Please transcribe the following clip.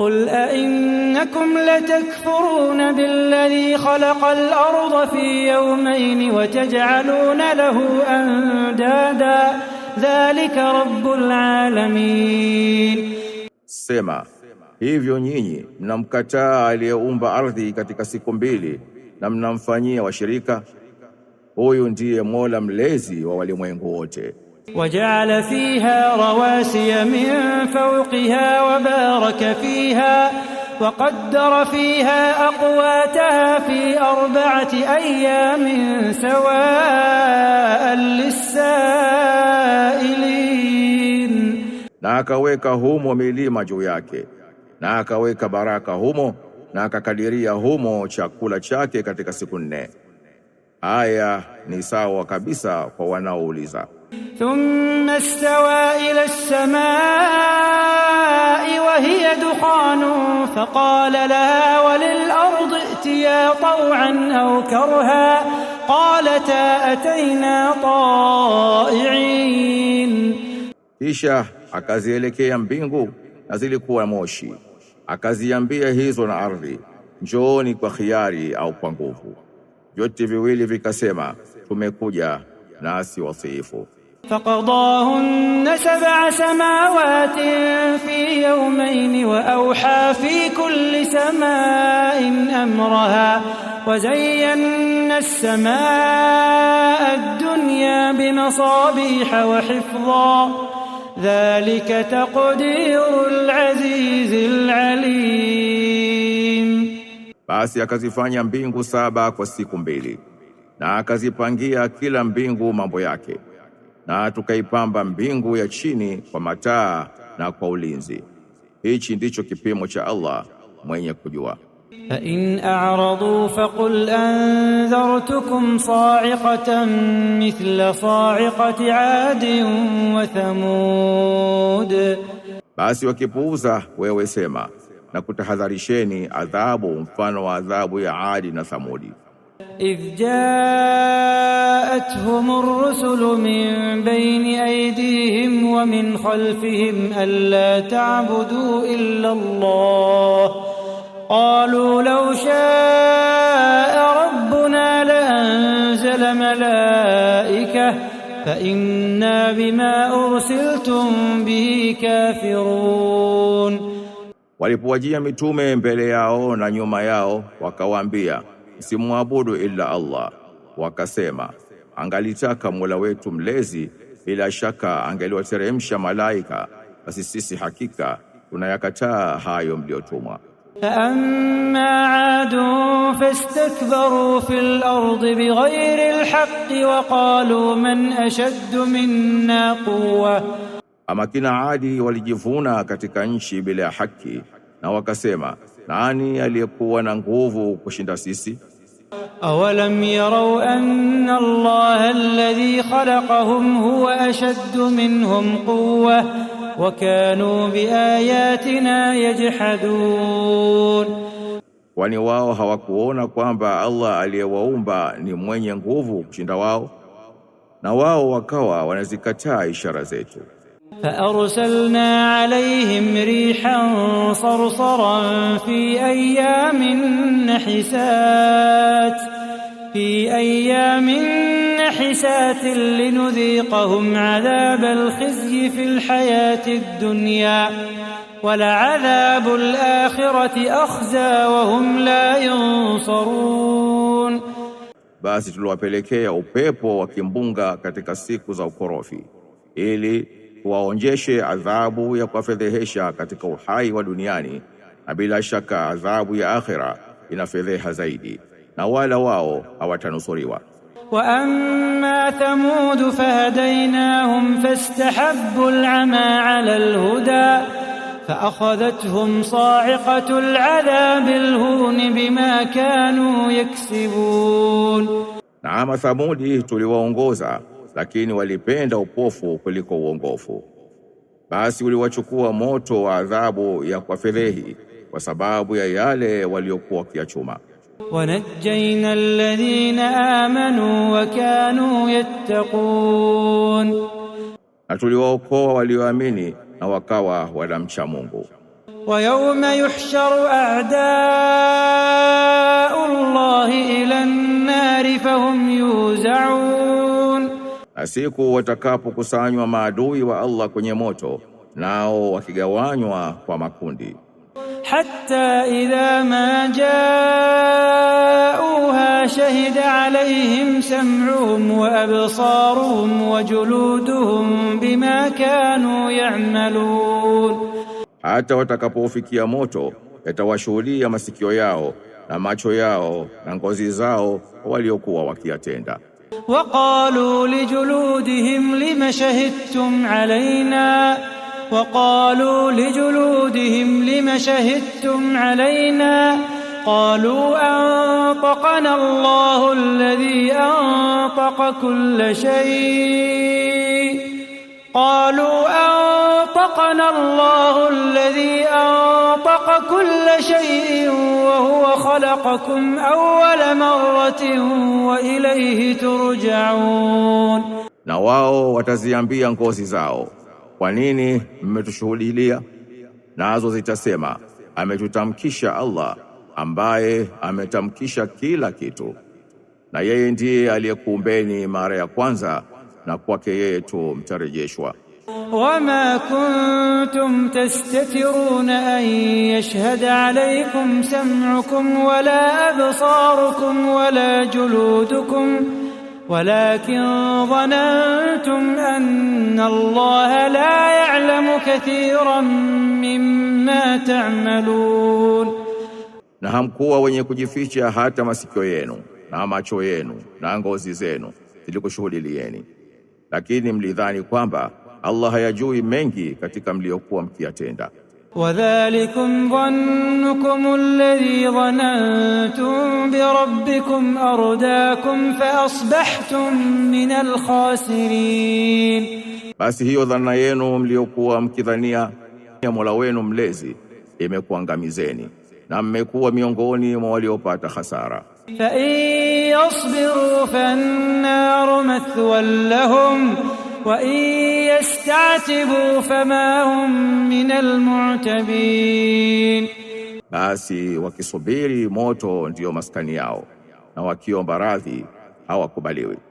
قل أئنكم لتكفرون بالذي خلق الأرض في يومين وتجعلون له أندادا ذلك رب العالمين Sema hivyo nyinyi mnamkataa aliyeumba ardhi katika siku mbili na mnamfanyia washirika. Huyu ndiye Mola mlezi wa walimwengu wote. وجعل فيها رواسي من فوقها وبارك فيها وقدر فيها أقواتها في أربعة أيام سواء للسائلين na akaweka humo milima juu yake na akaweka baraka humo na akakadiria humo chakula chake katika siku nne. Aya ni sawa kabisa kwa wanaouliza. Thumma istawa ila as-samaa'i wa hiya dukhanun faqala laha wa lil ardi itiya taw'an aw karha qalata atayna ta'i'in, kisha akazielekea mbingu na zilikuwa moshi, akaziambia hizo na ardhi, njooni kwa khiari au kwa nguvu. Vyote viwili vikasema, tumekuja nasi wasiifu. فقضاهن سبع سماوات في يومين وأوحى في كل سماء أمرها وزينا السماء الدنيا بمصابيح وحفظا ذلك تقدير العزيز العليم basi akazifanya mbingu saba kwa siku mbili na akazipangia kila mbingu mambo yake na tukaipamba mbingu ya chini kwa mataa na kwa ulinzi. Hichi ndicho kipimo cha Allah mwenye kujua. fa in a'radu qul anzartukum sa'iqatan mithla sa'iqati 'adin wa thamud, basi wakipuuza wewe sema na kutahadharisheni adhabu mfano wa adhabu ya Adi na Thamudi. إذ جاءتهم الرسل من بين أيديهم ومن خلفهم ألا تعبدوا إلا الله قالوا لو شاء ربنا لأنزل ملائكة فإنا بما أرسلتم به كافرون Walipowajia mitume بلياو yao na nyuma msimwabudu illa Allah. Wakasema, angalitaka Mola wetu mlezi, bila shaka angeliwateremsha malaika, basi sisi hakika tunayakataa hayo mliotumwa. Amma aadu fastakbaru fil ardi bighayri alhaqqi wa qalu man ashaddu minna quwwa, ama kina Adi walijivuna katika nchi bila ya haki, na wakasema nani aliyekuwa na nguvu kushinda sisi? أولم يروا أن الله الذي خلقهم هو أشد منهم قوة وكانوا بآياتنا يجحدون Kwani wao hawakuona kwamba Allah aliyewaumba ni mwenye nguvu kushinda wao, na wao wakawa wanazikataa ishara zetu. فأرسلنا عليهم ريحا صرصرا في أيام نحسات في أيام نحسات لنذيقهم عذاب الخزي في الحياة الدنيا ولعذاب الآخرة أخزى وهم لا ينصرون basi tuliwapelekea upepo wa kimbunga katika siku za ukorofi ili waonjeshe adhabu ya kuwafedhehesha katika uhai wa duniani, na bila shaka adhabu ya akhira inafedheha zaidi, na wala wao hawatanusuriwa. wa amma thamud fahadainahum fastahabbu al'ama 'ala al-huda faakhadhathum sa'iqatu al-'adhabi al-hun bima kanu yaksibun, na ama Thamudi tuliwaongoza lakini walipenda upofu kuliko uongofu. Basi uliwachukua moto wa adhabu ya kwa kuwafedhehi kwa sababu ya yale waliokuwa wakiyachuma. wanajaina alladhina amanu wa kanu yattaqun, na tuliwaokoa walioamini na wakawa wanamcha Mungu. Wa yawma yuhsharu a'da'u Allahi ila an-nari fahum yuz'un na siku watakapokusanywa maadui wa Allah kwenye moto, nao wakigawanywa kwa makundi. hatta idha ma jauha shahida alayhim sam'uhum wa absaruhum wa juluduhum bima kanu ya'malun, hata watakapofikia moto yatawashuhudia masikio yao na macho yao na ngozi zao waliokuwa wakiyatenda. وقالوا لجلودهم لم شهدتم علينا وقالوا لجلودهم لم شهدتم علينا قالوا أنطقنا الله الذي أنطق كل شيء قالوا أنطقنا الله الذي أنطق خلق كل شيء وهو خلقكم أول مرة وإليه turjaun, na wao wataziambia ngozi zao, kwa nini mmetushuhudilia? Nazo zitasema ametutamkisha Allah ambaye ametamkisha kila kitu, na yeye ndiye aliyekuumbeni mara ya kwanza, na kwake yeye tu mtarejeshwa. وما كنتم تستترون an يشهد عليكم سمعكم ولا أبصاركم ولا جلودكم ولكن ظننتم أن الله لا يعلم كثيرا مما تعملون na hamkuwa wenye kujificha hata masikio yenu na macho yenu na ngozi zenu zilikushuhudilieni, lakini mlidhani kwamba Allah hayajui mengi katika mliokuwa mkiyatenda. Wadhalikum dhannukum alladhi dhanantum rabbikum ardaakum fa asbahtum min alkhasirin, basi hiyo dhana yenu mliokuwa mkidhania ya Mola wenu mlezi imekuangamizeni na mmekuwa miongoni mwa waliopata hasara. fa in yasbiru fa annaru mathwan lahum wa in yastatibu fama hum min almu'tabin, basi wakisubiri moto ndiyo maskani yao na wakiomba radhi hawakubaliwi.